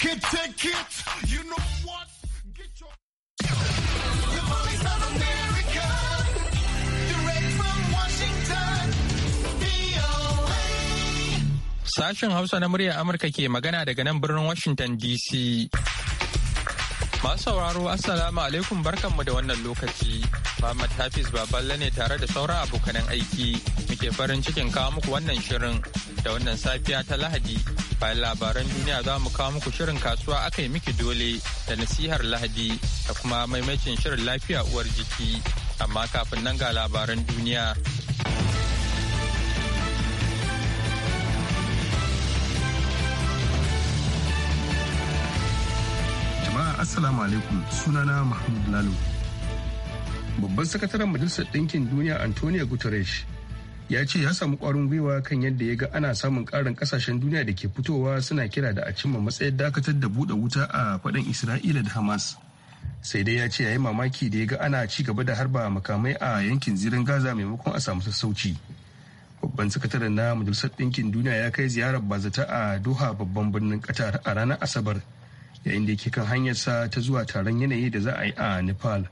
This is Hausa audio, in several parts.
Kid, take you know what? Get your. The voice of America, direct from Washington, Sashen Hausa na Amurka ke magana daga nan birnin Washington DC. Masu sauraro Assalamu alaikum barkanmu da wannan lokaci. Muhammad Hafiz Baballe ne tare da sauran abokanan aiki muke farin cikin kawo muku wannan shirin da wannan safiya ta Lahadi. Bayan labaran duniya za mu kawo muku shirin kasuwa aka yi miki dole da nasihar Lahadi da kuma maimacin shirin lafiya uwar jiki. Amma kafin nan ga labaran duniya Assalamu alaikum sunana Mahmud Lalo. Babban sakataren Majalisar Ɗinkin Duniya Antonio Guterres ya ce ya samu ƙwarin gwiwa kan yadda ya ga ana samun ƙarin ƙasashen duniya da ke fitowa suna kira da a cimma matsayar dakatar da buɗe wuta a faɗin Isra'ila da Hamas. Sai dai ya ce ya yi mamaki da ya ga ana ci gaba da harba makamai a yankin zirin Gaza maimakon a samu sassauci. Babban sakataren na Majalisar Ɗinkin Duniya ya kai ziyarar bazata a Doha babban birnin Qatar a ranar Asabar. yayin da yake kan hanyarsa ta zuwa taron yanayi da za a yi a nepal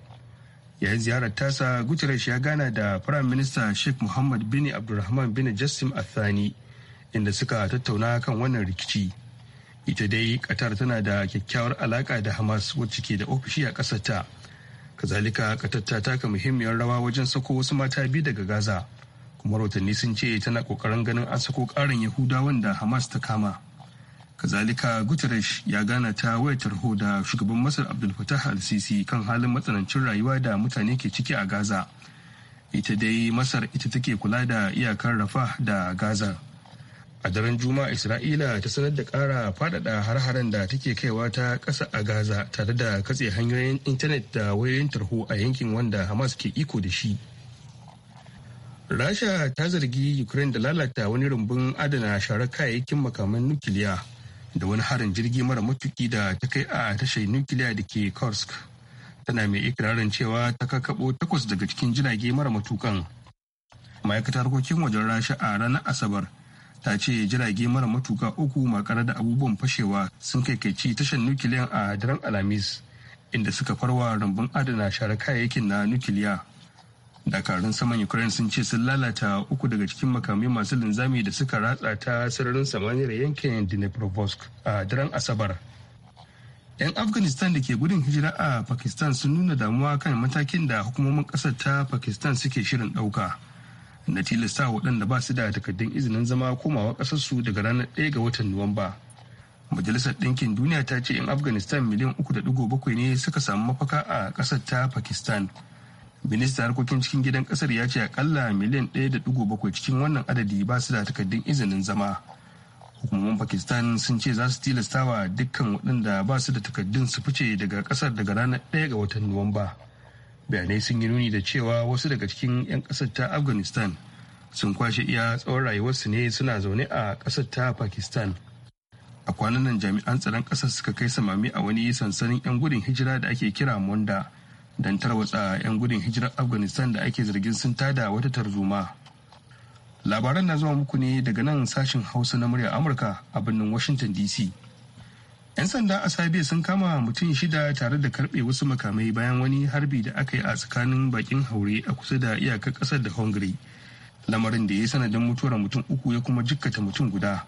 yayin ziyarar tasa guterres ya gana da firayim minista sheikh muhammad bin abdulrahman bin jassim athani inda suka tattauna kan wannan rikici ita dai qatar tana da kyakkyawar alaka da hamas wacce ke da ofishi a ƙasarta kazalika qatar ta taka muhimmiyar rawa wajen sako wasu mata biyu daga gaza kuma rahotanni sun ce tana kokarin ganin an sako ƙarin yahudawan da hamas ta kama kazalika guterres ya gana ta wayar tarho da shugaban masar abdul fatah al-sisi kan halin matsanancin rayuwa da mutane ke ciki a gaza ita dai masar ita take kula da iyakar rafah da gaza a daren juma'a isra'ila ta sanar da kara fadada har-haren da take kaiwa ta kasa a gaza tare da katse hanyoyin intanet da wayoyin tarho a yankin wanda hamas ke iko da shi rasha ta zargi ukraine da lalata wani rumbun adana sharar kayayyakin makaman nukiliya da wani harin jirgi mara matuki da ta kai a tashar nukiliya da ke Korsk, tana mai ikirarin cewa ta kakabo takwas daga cikin jirage mara matukan ma'aikatar harkokin wajen rasha a ranar asabar ta ce jirage mara matuka uku makara da abubuwan fashewa sun kaikaici tashar nukiliyan a daren alhamis inda suka farwa rumbun adana share kayayyakin na nukiliya dakarun saman ukraine sun ce sun lalata uku daga cikin makamai masu linzami da suka ratsa ta sararin samaniyar yankin dnipropetrovsk a daren asabar 'yan afghanistan da ke gudun hijira a pakistan sun nuna damuwa kan matakin da hukumomin kasar ta pakistan suke shirin dauka na tilasta waɗanda ba su da takaddun izinin zama komawa ƙasarsu daga ranar 1 ga watan nuwamba majalisar ɗinkin duniya ta ce 'yan afghanistan miliyan 3.7 ne suka samu mafaka a ƙasar ta pakistan ministan harkokin cikin gidan kasar ya ce akalla miliyan 1.7 cikin wannan adadi ba su da takardun izinin zama hukumomin pakistan sun ce za su tilasta wa dukkan waɗanda ba su da takardun su fice daga kasar daga ranar 1 ga watan nuwamba bayanai sun yi nuni da cewa wasu daga cikin 'yan kasar ta afghanistan sun kwashe iya tsawon rayuwarsu ne suna zaune a kasar ta pakistan a kwanan nan jami'an tsaron kasar suka kai samami a wani sansanin 'yan gudun hijira da ake kira monda don tarwatsa 'yan gudun hijirar afghanistan da ake zargin sun tada wata tarzoma labaran na zuwa muku ne daga nan sashen hausa na murya amurka a birnin washington dc 'yan sanda a sabiya sun kama mutum shida tare da karbe wasu makamai bayan wani harbi da aka yi a tsakanin bakin haure a kusa da iyakar kasar da hungary lamarin da ya yi sanadin mutuwar mutum uku ya kuma jikkata mutum guda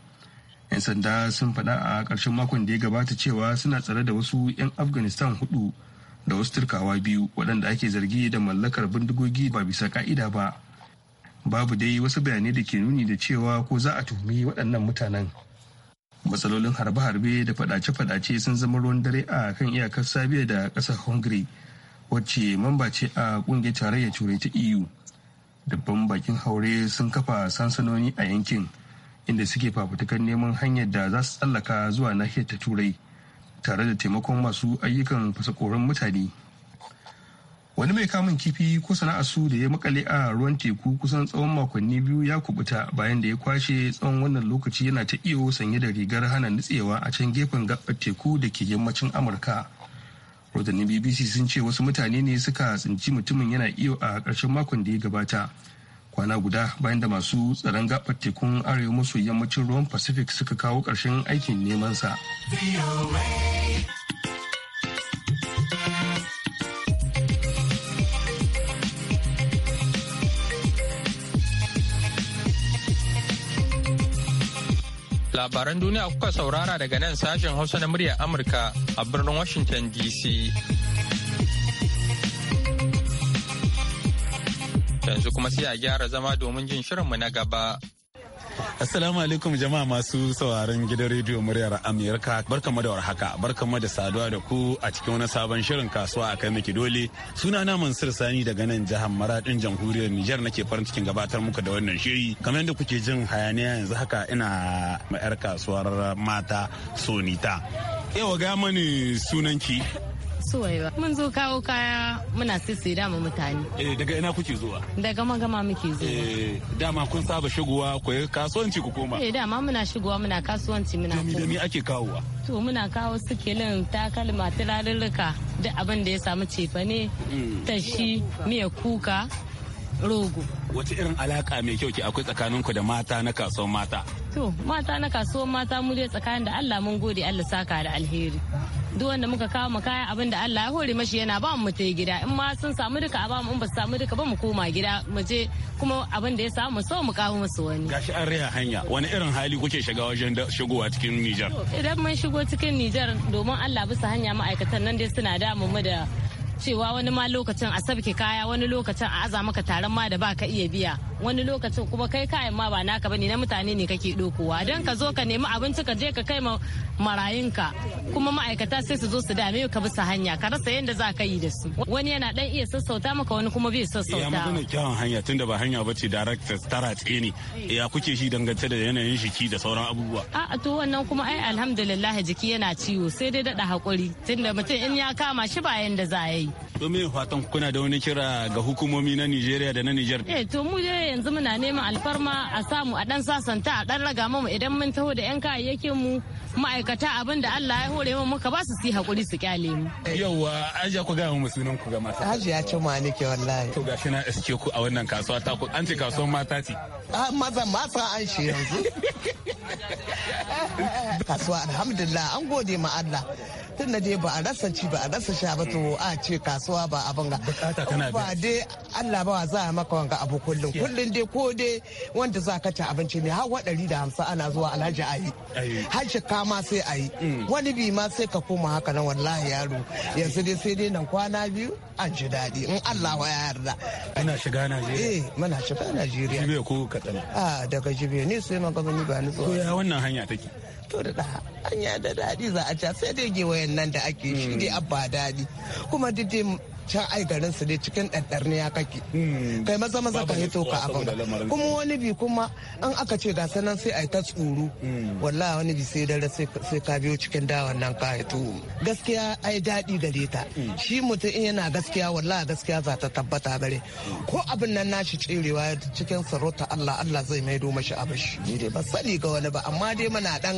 'yan sanda sun faɗa a ƙarshen makon da ya gabata cewa suna tsare da wasu 'yan afghanistan hudu da wasu turkawa biyu waɗanda ake zargi da mallakar bindigogi ba bisa ka'ida ba babu dai wasu bayanai da ke nuni da cewa ko za a tuhumi waɗannan mutanen matsalolin harbe-harbe da fadace-fadace sun zama ruwan dare a kan iyakar sabiya da ƙasar hungary wacce mamba ce a ƙungiyar tarayyar turai ta eu dabban bakin haure sun kafa sansanoni a yankin inda suke fafutukar neman hanyar da za su tsallaka zuwa nahiyar ta turai tare da taimakon masu ayyukan fasakoran mutane wani mai kamun kifi ko sana'a su da ya makale a ruwan teku kusan tsawon makonni biyu ya kubuta bayan da ya kwashe tsawon wannan lokaci yana ta iyo sanye da rigar hana nutsewa a can gefen gabar teku da ke yammacin amurka rodanin bbc sun ce wasu mutane ne suka tsinci mutumin yana iyo a ƙarshen makon da ya gabata kwana guda bayan da masu tsaron gabar tekun arewa maso yammacin ruwan pacific suka kawo ƙarshen aikin neman sa. Labaran duniya kuka saurara daga nan sashen Hausa na muryar Amurka a birnin Washington DC. Yanzu kuma sai a gyara zama domin jin mu na gaba. Assalamu alaikum jama'a masu sauraron gidan rediyo muryar Amurka barkamu da warhaka barkamu da saduwa da ku a cikin wani sabon shirin kasuwa a kai miki dole sunana Mansur Sani daga nan jihar Maradin jamhuriyar Nijar nake farin cikin gabatar muku da wannan shiri kamar yadda kuke jin hayaniya yanzu haka ina ma'yar kasuwar mata Sonita. Yawa ga mani sunanki Suwaiba. Mun zo kawo kaya muna sisi dama mutane. Eh daga ina kuke zuwa? Daga magama muke zuwa. Eh dama kun saba shigowa ku kasuwanci ku koma. Eh dama muna shigowa muna kasuwanci muna. Dami dami ake kawowa. To muna kawo sikilin takalma turarurruka duk abin da ya samu cefane mm. tashi miya kuka rogo. Wace irin alaka mai kyau ke akwai tsakaninku da mata na kasuwan mata? To mata na kasuwan mata mu dai tsakanin da Allah mun gode Allah saka da alheri. duk wanda muka kawo kaya abin da Allah ya hore mashi yana ba mu ta gida in ma sun samu duka a ba mu in ba samu duka ba mu koma gida mu je kuma abin da ya samu so mu kawo musu wani gashi an raya hanya wani irin hali kuke shiga wajen shigowa cikin Nijar idan mun shigo cikin Nijar domin Allah bisa hanya ma'aikatan nan dai suna da mu da cewa wani ma lokacin a sabke kaya wani lokacin a aza maka taron ma da baka iya biya wani lokacin kuma kai kayan ma ba naka ne na mutane ne kake dokowa don ka zo ka nemi abinci ka je ka kai ma marayinka kuma ma'aikata sai su zo su dame ka bisa hanya ka rasa yadda za ka yi da su wani yana dan iya sassauta maka wani kuma bai sassauta ya magana kyawun hanya tunda ba hanya bace direct tara ne ya kuke shi dangance da yanayin jiki da sauran abubuwa a to wannan kuma ai alhamdulillah jiki yana ciwo sai dai daɗa hakuri tunda mutum in ya kama shi ba yanda za ya yi domin fatan kuna da wani kira ga hukumomi na Nigeria da na Niger? Eh to mu dai yanzu muna neman alfarma a samu a dan sasanta a dan raga mu idan mun taho da yan kayayyakin mu ma'aikata abin da Allah ya hore mu muka ba su si hakuri su kyale mu. Yawwa ajiya ku ga mu sunan ku ga mata. Ajiya ce ma nake wallahi. To gashi na iske ku a wannan kasuwa ta ku an ce kasuwar mata ce. Ah maza mata an shi yanzu. Kasuwa alhamdulillah an gode ma Allah. tun da dai ba a rasa ci ba a rasa sha ba to a ce kasuwa ba abin ga ba dai Allah ba za a maka wanga abu kullum kullum dai ko dai wanda za ka ci abinci ne har waɗari da hamsin ana zuwa alhaji ayi har shika ma sai ayi mm. wani bi ma sai ka koma haka nan wallahi yaro yanzu dai sai dai nan kwana biyu an ji daɗi in Allah wa ya yarda. Muna shiga Najeriya. Eh muna shiga Najeriya. Jibe ko kaɗan. Ah daga jibe ne sai magana ba ni zuwa. Ko ya wannan hanya take? to da hanya da daɗi za a ca sai dai gewayen nan da ake shi dai hmm. abba daɗi kuma duk can ai garin su ne cikin ya kake hmm. kai maza maza ka hito ka abin kuma wani bi kuma an aka ce ga sanan sai ai ta tsoro hmm. wallahi wani bi sai dare sai ka biyo cikin dawan nan ka hito gaskiya ai daɗi gare ta hmm. shi mutum in yana gaskiya wallahi gaskiya za ta tabbata gare ko abin nan nashi cirewa cikin sarauta Allah Allah zai maido mashi abin shi ba sani ga wani ba amma dai muna dan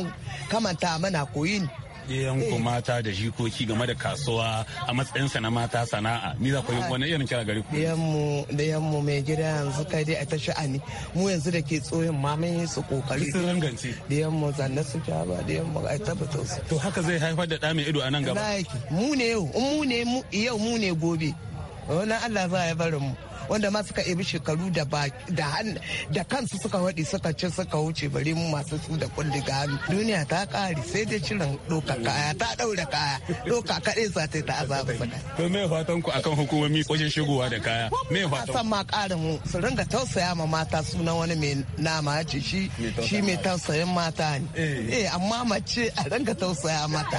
kamanta mana koyin ɗiyanku mata da jikoki game da kasuwa a matsayinsa na mata sana'a ni za ku yi wani irin kira gari ku mu mai gida yanzu kai dai a ta sha'ani mu yanzu da ke tsoyin ma mun yi su kokari sun rangance ɗiyanmu zanne su ja ba mu a tabbata su to haka zai haifar da ɗa mai ido a nan gaba mu ne yau mu ne yau mu ne gobe wannan Allah za ya barin mu wanda ma suka ebi shekaru da ba da da kansu suka wadi suka ce suka wuce bari mu masu su da kulli ga duniya ta kare sai dai ciran doka kaya ta ɗaura kaya doka kaɗai za ta ta azaba su to me fatan ku akan hukumomi wajen shigowa da kaya me fatan san ma mu su ringa tausaya ma mata sunan wani mai nama ce shi shi mai tausayin mata ne eh. eh amma mace a ringa tausaya mata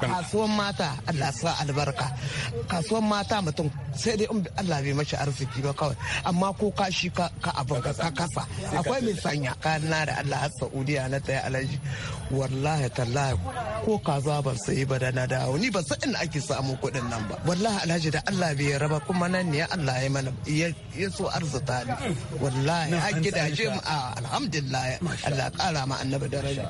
kasuwan mata Allah sa albarka kasuwan mata mutum sai dai in Allah bai mashi arziki ba kawai amma ko ka shi ka abin ka kasa akwai mai sanya kana da Allah har Saudiya na tsaye alaji wallahi tallahi ko kaza ban sayi ba da na dawo ni ba san ake samu kuɗin nan ba wallahi alhaji da Allah bai raba kuma nan ne Allah ya mana ya so arzuta ni wallahi a gidaje mu a alhamdulillah Allah kara ma annabi daraja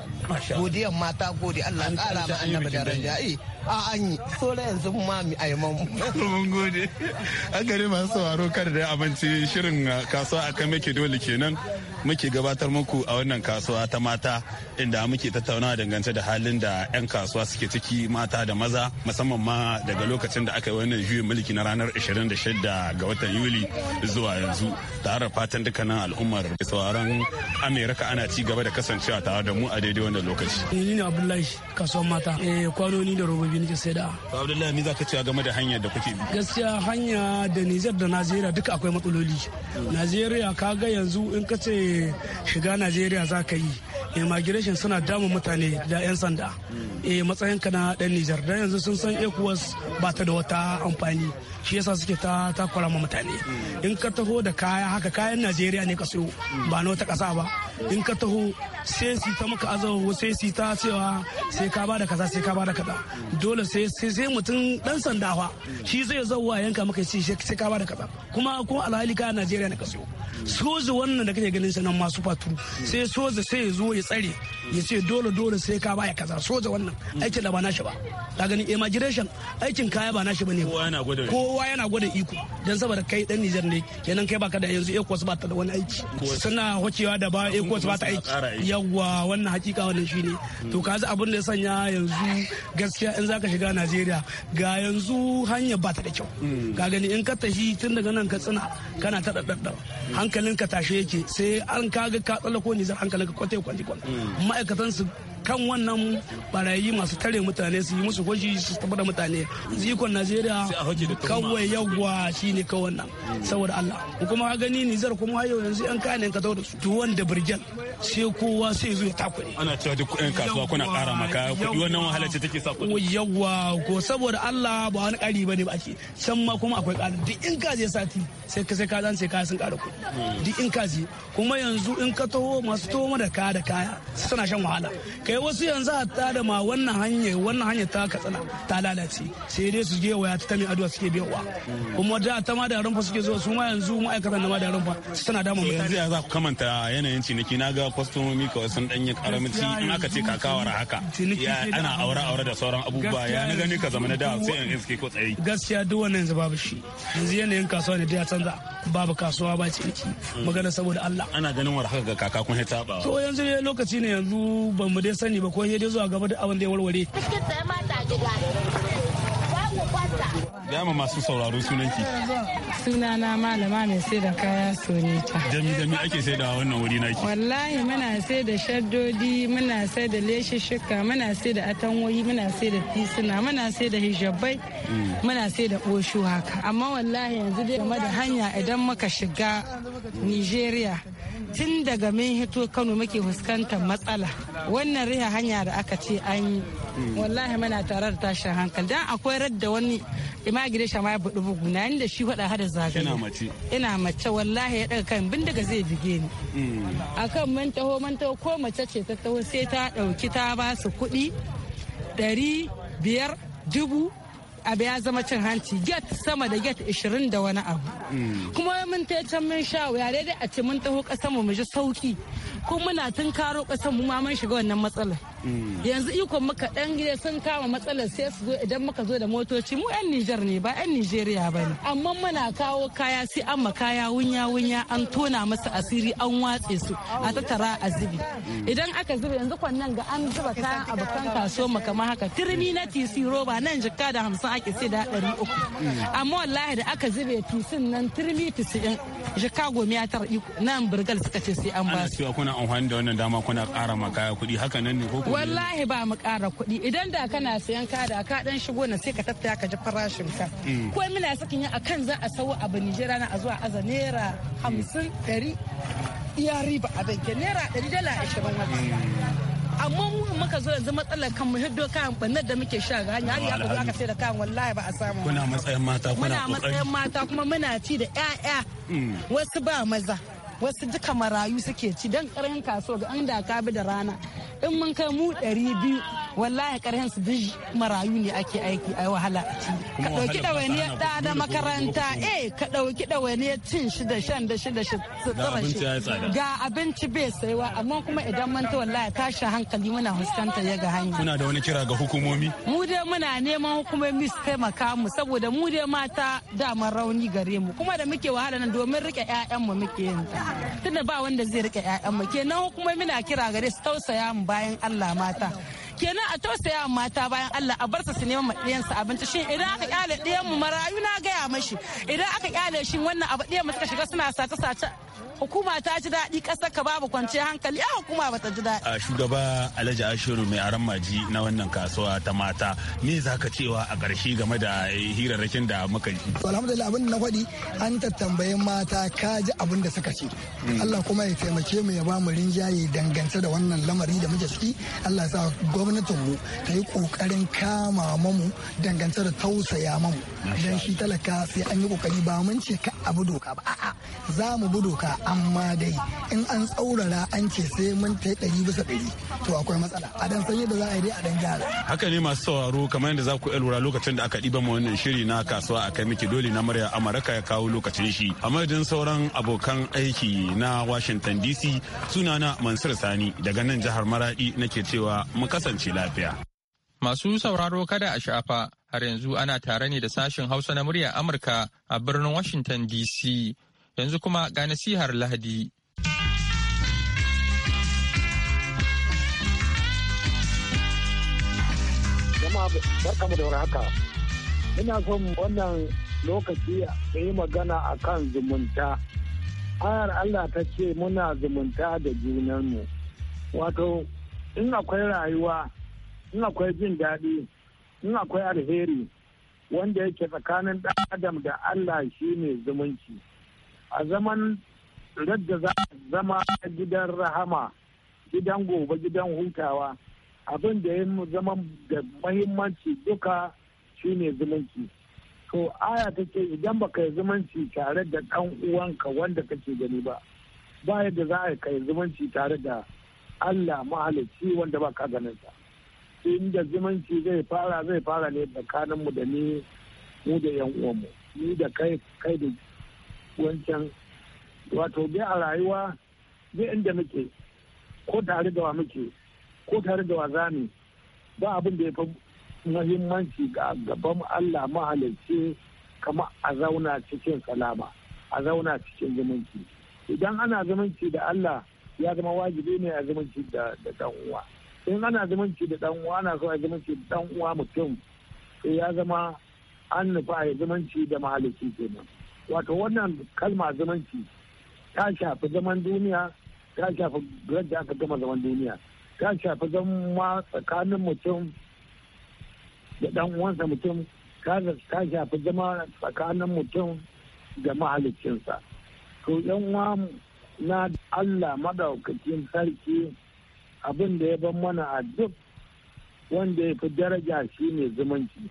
godiyan mata godi Allah kara ma annabi daraja eh, a an yi so da yanzu ma mi a yaman mun gode an gari masu sauraro kar da abinci shirin kasuwa akan make dole kenan muke gabatar muku a wannan kasuwa ta mata inda muke tattaunawa dangance da halin da 'yan kasuwa suke ciki mata da maza musamman ma daga lokacin da aka yi wannan juyin mulki na ranar 26 ga watan yuli zuwa yanzu tare da fatan dukkanin al'ummar sauran amerika ana ci gaba da kasancewa tare da mu a daidai wannan lokaci eh, ni ne abdullahi kasuwar mata eh kwanoni da robobi nake da. to abdullahi me zaka cewa game da hanyar da kuke bi gaskiya hanya da nijar da najeriya duka akwai matsaloli najeriya kaga yanzu in ka ce shiga najeriya za ka yi immigration suna damun mutane da 'yan sanda e eh, matsayin kana na dan nijar dan yanzu sun san ecowas ba ta da wata amfani shi yasa suke ta takwara ma mutane in ka taho da kaya haka kayan najeriya ne ka siyo ba na wata kasa ba in ka taho sai su ta maka azawo sai su ta cewa sai ka bada kaza sai ka bada kaza dole sai sai mutum dan sanda fa shi zai zauwa yanka maka shi sai ka bada kaza kuma ko alhali ka Najeriya na kaso soja wannan da kake ganin sa nan masu faturu sai soja sai ya zo ya tsare ya ce dole dole sai ka baya kaza soja wannan aikin da ba nashi ba ka gani immigration aikin kaya ba nashi bane kowa yana gwada iko dan saboda kai dan Niger ne kenan kai baka da yanzu ECOWAS ba ta da wani aiki suna hocewa da ba ECOWAS ba ta aiki yawwa wannan hakika wannan ne to ka abin da ya sanya yanzu gaskiya in zaka shiga Najeriya ga yanzu hanya ba ta da kyau mm. ka gani in ka tashi tun daga nan ka tsina kana ta mm. hankalin ka tashe yake sai an kaga ka ko ni zan hankalin ka kwatai kwanti mm. ma'aikatan su kan wannan barayi masu tare mutane su yi musu gwaji su tafi da mutane zikon najeriya kawai yawwa ne kawai wannan saboda allah kuma gani zar kuma yau yanzu yan kayan ka da su tuwon da birgen sai kowa sai zo ya takure ana cewa duk yan kasuwa kuna kara maka kudi wannan wahala ce take sa kuɗi yawwa ko saboda allah ba wani ƙari bane ba ce can ma kuma akwai kari duk in ka je sati sai ka sai ka zan sai ka sun ƙara kudi hmm. duk in ka je kuma yanzu in ka taho masu taho da kaya da kaya suna shan wahala kai kai eh, wasu yanzu a tada ma wannan hanya wannan hanya ta katsina ta lalace sai dai su je waya ta tami aduwa suke wa. kuma da ta ma da rumfa suke zuwa su ma yanzu ma'aikatan da ma da rumfa su tana damun mutane yanzu ya za ku kamanta yanayin ciniki na ga kwastomomi kawai sun danyi karamci in aka ce kakawar haka ana aure aure da sauran abubuwa ya na gani ka zama na da sai in iske ko tsaye gaskiya duk wannan yanzu babu shi yanzu yanayin kasuwa ne da ya canza babu kasuwa ba ciniki magana saboda Allah ana ganin war haka ga kaka kun ta ba to yanzu ne lokaci ne yanzu ban mu dai sani ba ko ya dai zuwa gaba da abin da ya warware. Cikin ya mata gida. Dama masu sauraro sunanki. Sunana malama mai sai da kaya sonita. Dami dami ake sai da wannan wuri naki. Wallahi muna sai da shaddodi, muna sai da leshishika, muna sai da atanwoyi, muna sai da tisuna, muna sai da hijabai, mm. muna sai da oshu haka. Amma wallahi yanzu dai game da hanya idan muka shiga Nigeria tun daga min hito kano muke fuskantar matsala wannan riha hanya da aka ce an yi wallahi muna tare da tashin hankali dan akwai radda wani imagire shama ya buɗe bugu na da shi faɗa hada zagaye ina mace ina mace wallahi ya daga kan bin daga zai bige ni mm. akan mun taho mun ko mace ce ta taho sai ta ɗauki ta ba su kuɗi ɗari biyar dubu abu ya zama cin hanci get sama da get 20 da wani abu kuma mun ta can mun sha wuya daidai a ce mun taho kasar mu mu ji sauki ko muna tun karo kasar mu ma mun shiga wannan matsalar yanzu ikon muka dan gida sun kama matsalar sai su zo idan muka zo da motoci mu yan Nijar ne ba yan Nijeriya ba ne amma muna kawo kaya sai an ma kaya wunya wunya an tona masa asiri an watse su a tattara a zubi idan aka zubi yanzu kwannan ga an zuba kayan kaso maka ma haka turmi na tisi roba nan jikka da hamsin ake sai da ɗari uku amma wallahi da aka zube tusin nan turmi tusin jika goma ya tara nan birgal suka ce sai an ba su. Ana cewa kuna amfani da wannan dama kuna ƙara ma kaya kuɗi haka nan ne ko Wallahi ba mu ƙara kuɗi idan da kana sayan ka da ka dan shigo na sai ka tattaya ka ji farashin ka. Mm. Ko muna sakin yin akan za a sawo abu Nijera na a zuwa aza naira mm. hamsin ɗari iya riba a ke naira ɗari dala ashirin wata. amma mu muka zo yanzu matsalar kan mu hiddo kayan bannar da muke sha ga hanya ya ba aka sai da kayan wallahi ba a samu kuna matsayin mata kuna muna matsayin mata kuma muna ci da ƴaƴa hmm. wasu ba maza wasu duka marayu suke ci dan karin kaso ga an da ka bi da rana in mun kai mu ɗari biyu wallahi karhen su duk marayu ne ake aiki ai wahala a ci ka dauki ɗawainiyar ɗa na makaranta eh ka dauki ɗawainiyar cin shi da shan da shi da shi ga abinci bai saiwa amma kuma idan mun ta wallahi tashi hankali muna huskanta ya ga hanya muna da wani kira ga hukumomi mu dai muna neman hukumomi su taimaka mu saboda mu dai mata dama rauni gare mu kuma da muke wahala nan domin rike mu muke yin ta tunda ba wanda zai rike mu kenan hukumomi na kira gare su tausaya mu bayan Allah mata kenan a tausaya mata bayan Allah a barsa su neman maɗiyansa abinci shin idan aka kyale ɗiyan mu marayu na gaya mashi idan aka kyale shi wannan abu ɗiyan mu suka shiga suna sace sace hukuma ta ji daɗi ƙasar ka babu kwanciyar hankali a hukuma bata ji daɗi. a shugaba alhaji ashiru mai aran maji na wannan kasuwa ta mata me za ka cewa a ƙarshe game da hirarrakin da muka yi. alhamdulillah abin na faɗi an tattambayi mata ka ji abin da suka ce. Hmm. Allah kuma ya taimake mu ya ba mu rinjaye dangance da wannan lamari da muke ciki Allah sa gwamnatin mu ta yi ƙoƙarin kama mamu dangance da tausaya mamu. Dan shi talaka sai an yi ƙoƙari ba mun ce ka abu doka ba a'a za mu bi doka amma dai in an tsaurara an ce sai mun ta ɗari bisa ɗari to akwai matsala a dan san yadda za a yi a dan gyara. haka ne masu sauraro kamar yadda za ku iya lura lokacin da aka ɗiba ma wannan shiri na kasuwa a kai miki dole na murya amurka ya kawo lokacin shi a madadin sauran abokan aiki na washington dc suna sunana mansur sani daga nan jihar maradi nake cewa mu kasance lafiya. masu sauraro kada a shafa har yanzu ana tare ne da sashen hausa na murya amurka a birnin washington dc yanzu kuma ga nasihar lahadi. barkamu da haka. Ina son wannan lokaci da yi magana a kan zumunta. Ayar Allah ta ce muna zumunta da junanmu. Wato, in akwai rayuwa, in akwai jin daɗi, in akwai alheri, wanda yake tsakanin ɗan adam da Allah shi ne zumunci. a zaman radda za a zama gidan rahama gidan gobe gidan hutawa abin da ya zama da mahimmanci duka shine zumunci to aya ta ce idan baka yi zumunci tare da ɗan uwanka wanda kake gani ba ba yadda za a kai zumunci tare da allah mahalicci wanda ba ka ganin sa inda zumunci zai fara zai fara ne tsakaninmu da ni mu da yan uwanmu ni da kai kai da wancan wato bi a rayuwa bi inda muke ko tare da wa muke ko tare da wa zami ba abin da ya fi muhimmanci ga gaban Allah mahalarci kama a zauna cikin salama a zauna cikin zumunci idan ana zumunci da Allah ya zama wajibi ne a zumunci da dan uwa in ana zumunci da dan uwa ana so a zumunci da dan uwa mutum ya zama an nufa a zumunci da mahalarci kenan wato wannan kalma zumunci ta shafi zaman duniya ta shafi yadda aka gama zaman duniya ta shafi zama tsakanin mutum da dan uwansa mutum ta shafi zama tsakanin mutum da mahalicinsa to yan uwa na Allah madaukakin sarki abin da ya ban mana a duk wanda ya fi daraja shi ne zumunci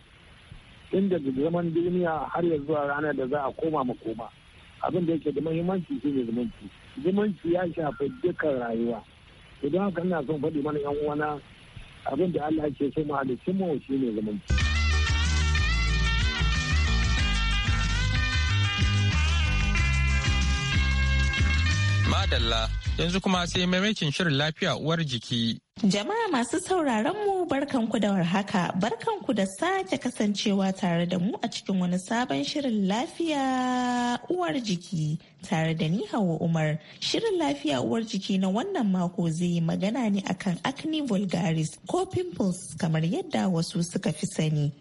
tun daga zaman duniya har ya zuwa ranar da za a koma makoma abin da yake da mahimmanci shi ne zumunci zumunci ya shafi dukkan rayuwa idan haka ina son faɗi mana yan uwana abin da Allah ke so mu halittun mu shi ne zumunci. Madalla yanzu kuma sai maimakin shirin lafiya uwar jiki. Jama'a masu sauraron mu barkanku da warhaka barkanku da sake kasancewa tare da mu a cikin wani sabon shirin lafiya uwar jiki tare da ni Hauwa Umar. Shirin lafiya uwar jiki na wannan mako zai yi magana ne akan acne vulgaris ko pimples kamar yadda wasu suka fi sani.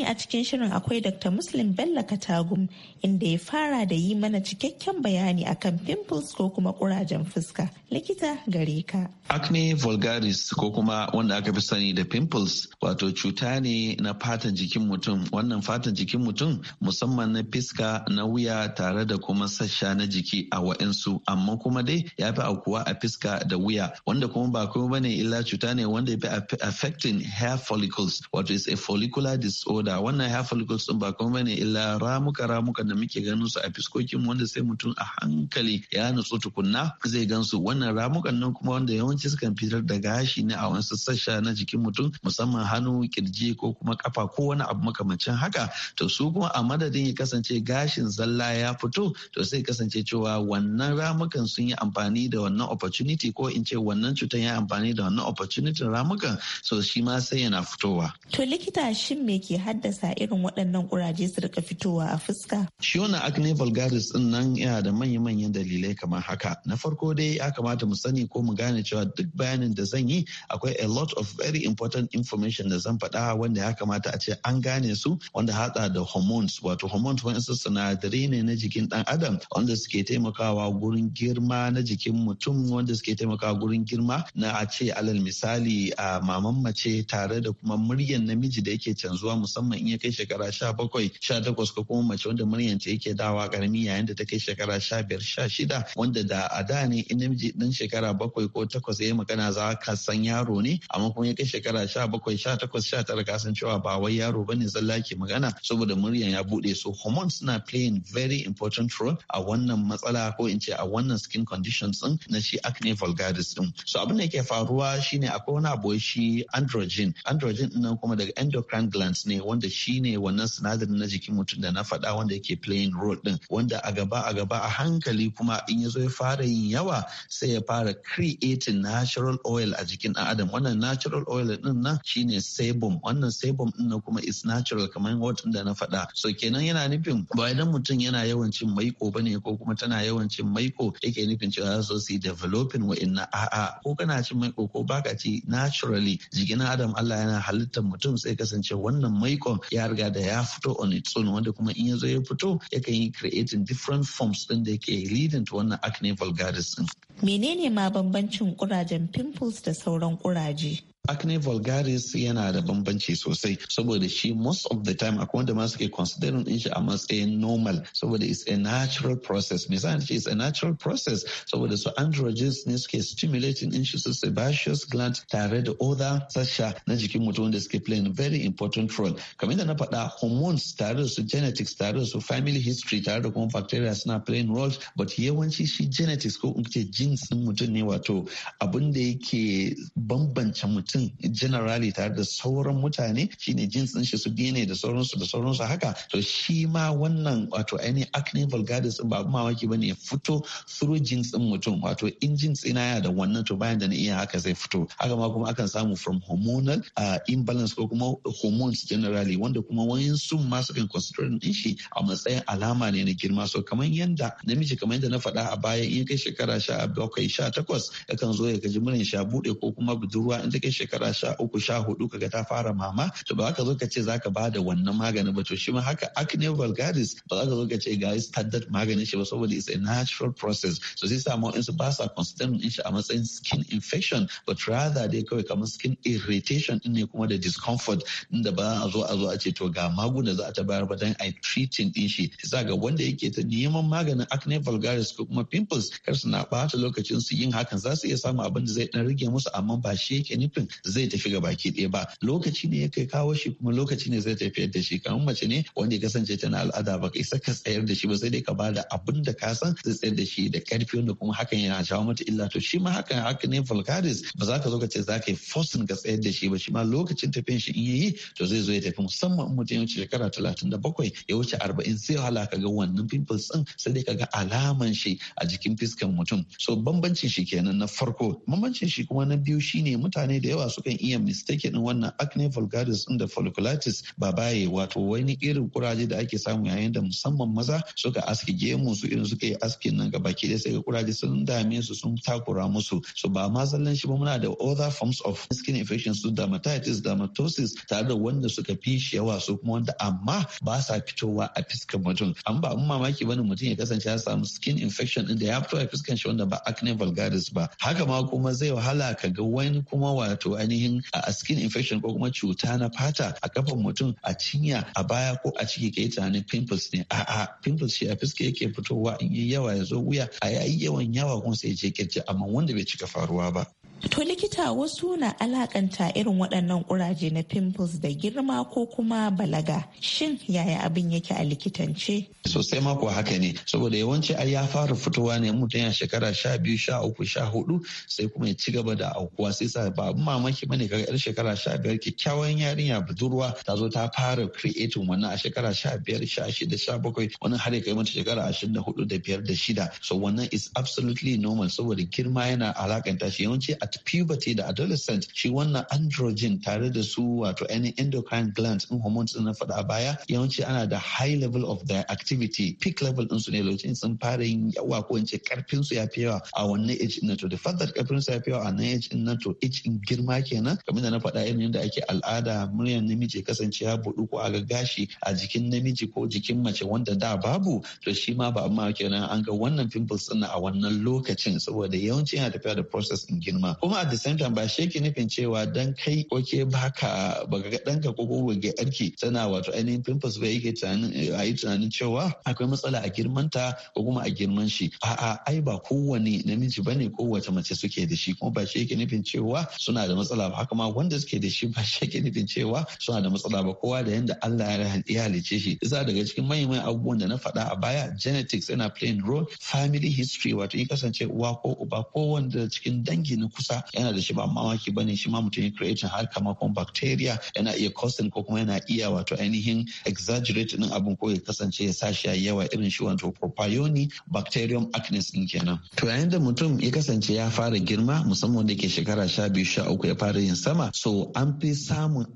bayani a cikin shirin akwai Dr. Muslim Bello Katagum inda ya fara da yi mana cikakken bayani akan pimples ko kuma kurajen fuska. Likita gare ka. Acne vulgaris ko kuma wanda aka fi sani da pimples wato cuta ne na fatan jikin mutum. Wannan fatan jikin mutum musamman na fiska na wuya tare da kuma sassa na jiki a wa'insu amma kuma dai ya fi aukuwa a fiska da wuya wanda kuma ba kuma bane illa cuta ne wanda ya fi affecting hair follicles wato is a follicular disorder da wannan hair follicles ba kuma bane illa ramuka ramuka da muke ganin su a fiskokin wanda sai mutum a hankali ya nutsu tukunna zai gansu wannan ramukan nan kuma wanda yawanci sukan fitar da gashi ne a wani sassa na jikin mutum musamman hannu kirji ko kuma kafa ko wani abu makamancin haka to su kuma a madadin ya kasance gashin zalla ya fito to sai kasance cewa wannan ramukan sun yi amfani da wannan opportunity ko in ce wannan cutar ya amfani da wannan opportunity ramukan so shi ma sai yana fitowa to likita shin me ke haddasa haddasa irin waɗannan ƙuraje su rika fitowa a fuska? Shi wannan acne vulgaris din nan yana da manya-manyan dalilai kamar haka. Na farko dai ya kamata mu sani ko mu gane cewa duk bayanin da zan yi akwai a lot of very important information da zan faɗa wanda ya kamata a ce an gane su wanda haɗa da hormones wato hormones wani sinadarai ne na jikin ɗan adam wanda suke taimakawa gurin girma na jikin mutum wanda suke taimakawa gurin girma na a ce alal misali a maman mace tare da kuma muryan namiji da yake canzuwa musamman musamman in ya kai shekara sha bakwai sha takwas ko kuma mace wanda muryanta yake dawa karami yayin da ta kai shekara sha biyar sha shida wanda da a da ne in namiji dan shekara bakwai ko takwas ya yi magana za ka san yaro ne amma kuma ya kai shekara sha bakwai sha takwas sha tara ka san cewa ba wai yaro bane zalla ke magana saboda muryan ya bude so hormones suna playing very important role a wannan matsala ko in ce a wannan skin conditions din na shi acne vulgaris din so abin da yake faruwa shine akwai wani abu shi androgen androgen din nan kuma daga endocrine glands ne wanda shine wannan sinadarin na jikin mutum da na faɗa wanda yake playing role din wanda a gaba a gaba a hankali kuma in ya zo ya fara yin yawa sai ya fara creating natural oil a jikin adam wannan natural oil din nan shine sebum wannan sebum din na kuma is natural kamar da na faɗa so kenan yana nufin ba idan mutum yana yawan cin maiko ne ko kuma tana yawan cin maiko yake nufin cewa za su yi developing na. a'a ko kana cin maiko ko baka ci naturally jikin adam Allah yana halittar mutum sai kasance wannan maiko ikon ya riga da ya fito on its own wanda kuma in ya zo ya fito yakan yi creating different forms din da yake leading to wannan acne vulgaris din. Menene ma bambancin kurajen pimples da sauran kuraje? acne vulgaris yana da bambanci sosai saboda shi most of the time akwai wanda ma suke considering din shi a matsayin normal saboda it's a natural process misali ce it's a natural process saboda su androgens ne suke stimulating din shi su sebaceous gland tare da other sasha na jikin mutum wanda suke playing very important role kamar yadda na faɗa hormones tare da su genetics tare da su family history tare da kuma bacteria suna playing roles but yawanci shi genetics ko in ce genes din mutum ne wato abin da yake bambance mutum mutum generally tare da sauran mutane shine jeans din shi su biye ne da sauransu da sauransu haka to shi ma wannan wato ainihin acne vulgaris din ba mamaki ba ya fito through jeans din mutum wato in jeans ina ya da wannan to bayan da na iya haka zai fito haka ma kuma akan samu from hormonal uh, imbalance ko kuma hormones generally wanda kuma wayan su ma kan consider din shi a matsayin alama ne na girma so kamar yanda namiji kamar yanda na faɗa a baya in kai shekara sha bakwai sha takwas yakan zo ya gaji murin sha bude ko kuma budurwa in ta kai shekara sha uku sha hudu kaga ta fara mama to ba ka zo ka ce zaka ba da wannan maganin ba to shi ma haka acne vulgaris ba za ka zo ka ce ga standard maganin shi ba saboda it's a natural process so sai sa in su ba sa considering in shi a matsayin skin infection but rather dai kawai kamar skin irritation din ne kuma da discomfort inda ba a zo a zo a ce to ga magunguna za a ta bayar ba dan ai treating din shi za ga wanda yake ta neman maganin acne vulgaris ko kuma pimples kar su na bata lokacin su yin hakan za su iya samu abin da zai dan rage musu amma ba shi yake nufin zai tafi ga baki ɗaya ba lokaci ne kai kawo shi kuma lokaci ne zai tafiyar da shi kamar mace ne wanda ya kasance tana al'ada ba kai saka tsayar da shi ba sai dai ka bada abin da ka san zai tsayar da shi da karfi wanda kuma hakan yana jawo mata illa to shi ma hakan haka ne vulgaris ba za ka zo ka ce za ka yi forcing ka tsayar da shi ba shi ma lokacin tafiyan shi in yi to zai zo ya tafi musamman in mutum ya wuce shekara talatin da bakwai ya wuce arba'in sai wahala ka ga wannan pimples din sai dai ka ga alaman shi a jikin fiskan mutum so bambancin shi kenan na farko bambancin shi kuma na biyu shine mutane da yawa yawa sukan iya mistake din wannan acne vulgaris din da folliculitis ba baye wato wani irin kuraje da ake samu yayin da musamman maza suka aske gemu su irin suka yi aske nan gaba ke sai ga kuraje sun dame su sun takura musu so ba ma zallan shi ba muna da other forms of skin infections su dermatitis dermatosis tare da wanda suka fi shi yawa su kuma wanda amma ba sa fitowa a fiskan mutum an ba mun mamaki bane mutum ya kasance ya samu skin infection din da ya fito a fiskan shi wanda ba acne vulgaris ba haka ma kuma zai wahala ka ga wani kuma wato wato ainihin a skin infection ko kuma cuta na fata a kafan mutum a cinya a baya ko a ciki yi tunanin pimples ne a'a pimples shi a fuska yake fitowa in yi yawa ya zo wuya a yayi yawan yawa kuma sai ya je kirji amma wanda bai cika faruwa ba To likita wasu na alakanta irin waɗannan ƙuraje na pimples da girma ko kuma balaga. Shin yaya abin yake a likitance? Sosai mako haka ne, saboda yawanci ai ya fara fitowa ne mutum ya shekara sha biyu sha uku sha hudu sai kuma ya ci gaba da aukuwa sai sa ba mamaki bane kaga yar shekara sha biyar kyakkyawan yarinya budurwa ta zo ta fara creating wannan a shekara sha biyar sha shida sha bakwai wani har ya kai mata shekara ashirin da hudu da biyar da shida. So wannan is absolutely normal saboda girma yana alakanta shi yawanci a at puberty da adolescent shi wannan androgen tare da su wato any endocrine glands in hormones din na faɗa a baya yawanci ana da high level of their activity peak level din su ne lokacin sun fara yin yawa ko in ce karfin su ya fi yawa a wannan age din to the fact that karfin su ya fi yawa a nan age din nan to age in girma kenan kamar da na faɗa irin yadda ake al'ada muryar namiji kasance ya buɗu ko aga gashi a jikin namiji ko jikin mace wanda da babu to shi ma ba amma kenan an ga wannan pimples din a wannan lokacin saboda yawanci yana tafiya da process in girma kuma a the ba shi yake nufin cewa dan kai oke baka baka ga danka ko kuma ga arki tana wato ainihin pimples ba yake tunanin eh, a yi tunanin cewa akwai matsala a girmanta ko kuma a girman shi a'a ai ba kowane namiji ba bane kowace mace suke da shi kuma ba shi yake nufin cewa suna da matsala ba haka ma wanda suke da shi ba shi yake nufin cewa suna da matsala ba kowa da yanda Allah ya halice shi isa daga cikin manyan abubuwan da na faɗa a baya genetics yana playing role family history wato in kasance uwa ko uba ko wanda cikin dangi na kusa kansa yana da shi ba mamaki bane shi ma mutum ya create har kama kuma bacteria yana iya causing ko kuma yana iya wato ainihin exaggerate din abin ko ya kasance ya sa ya yawa irin shi wato propionic bacterium acnes din kenan to yayin da mutum ya kasance ya fara girma musamman da ke shekara sha biyu sha uku ya fara yin sama so an fi samun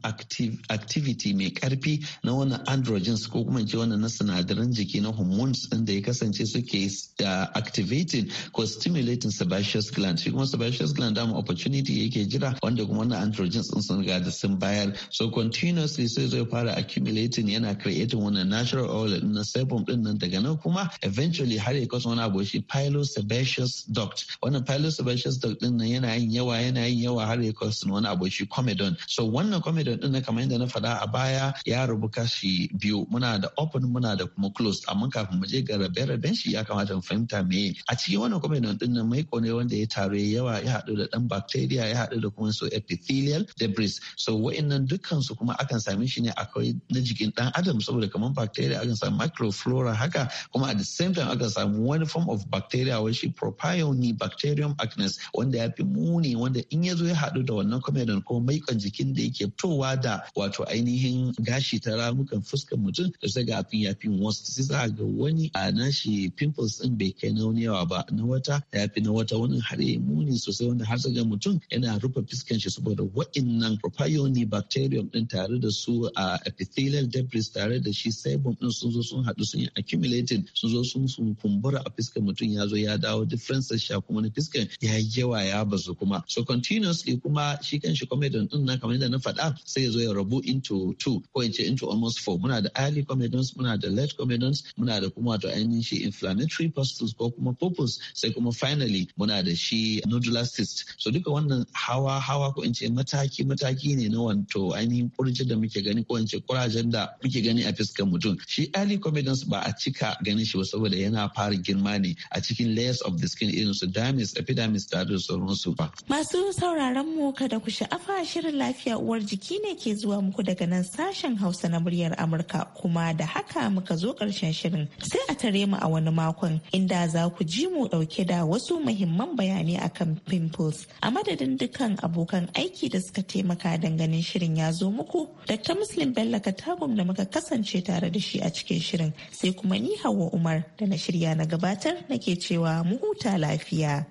activity mai karfi na wannan androgens ko kuma ce wannan na sinadaran jiki na hormones din da ya kasance suke uh, activating ko stimulating sebaceous gland shi kuma sebaceous gland samun opportunity yake jira wanda kuma na androgens sun riga da sun bayar so continuously sai zai fara accumulating yana creating wannan natural oil na sebum din nan daga nan kuma eventually har ya kasu wani abu shi pilosebaceous duct wannan pilosebaceous duct din nan yana yin yawa yana yin yawa har ya kasu wani abu shi comedon so wannan comedon din na kamar yadda na faɗa a baya ya rubu kashi biyu muna da open muna da kuma close amma kafin mu je ga rabe-raben shi ya kamata mu fahimta me a cikin wannan comedon din nan mai ne wanda ya taru yawa ya haɗu da da ɗan bacteria ya haɗu da kuma so epithelial debris so wa'annan dukkan su kuma akan same shi ne akwai na jikin ɗan adam saboda kamar bacteria akan samu microflora haka kuma at the same time akan samu wani form of bacteria wani shi propionic bacterium acnes wanda ya fi muni wanda in ya zo ya haɗu da wannan comedon ko maikon jikin da yake fitowa da wato ainihin gashi ta ramukan fuskar mutum da sai ga yafi ya fi wasu sai za ga wani a nashi pimples din bai kai nauniyawa ba na wata ya fi na wata wani har muni sosai wanda har ga mutum yana rufe fiskan shi saboda wa'innan propionibacterium din tare da su a epithelial debris tare da shi sebum din sun zo sun haɗu sun yi accumulated sun zo sun kumbura a fiskan mutum ya zo ya dawo differences sha kuma na fiskan ya yi yawa ya bazu kuma so continuously kuma shi kan shi comedon din na kamar yadda na faɗa sai ya zo ya rabu into two ko in ce into almost four muna da early comedons muna da late comedons muna da kuma wato ainihin shi inflammatory pustules ko kuma pupils sai kuma finally muna da shi nodular cyst so duka wannan hawa hawa ko in ce mataki mataki ne na wanto ainihin kurji da muke gani ko in ce kurajen da muke gani a fiskar mutum shi early confidence ba a cika ganin shi ba saboda yana fara girma ne a cikin layers of the skin irin su dermis epidermis da da sauransu ba masu sauraron mu kada ku sha'afa shirin lafiya uwar jiki ne ke zuwa muku daga nan sashen Hausa na muryar Amurka kuma da haka muka zo karshen shirin sai a tare mu a wani makon inda za ku ji mu dauke da wasu muhimman bayanai akan pimples a madadin dukkan abokan aiki da suka taimaka ganin shirin ya zo muku. Dr. Muslim Bello Katagum da muka kasance tare da shi a cikin shirin sai kuma ni Hauwa Umar da na shirya na gabatar nake cewa mu huta lafiya.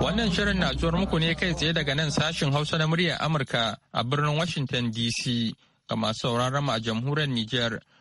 Wannan shirin na zuwar muku ne kai tsaye daga nan sashin Hausa na muryar Amurka a birnin Washington DC ga masu sauraron mu a jamhuriyar Nijar.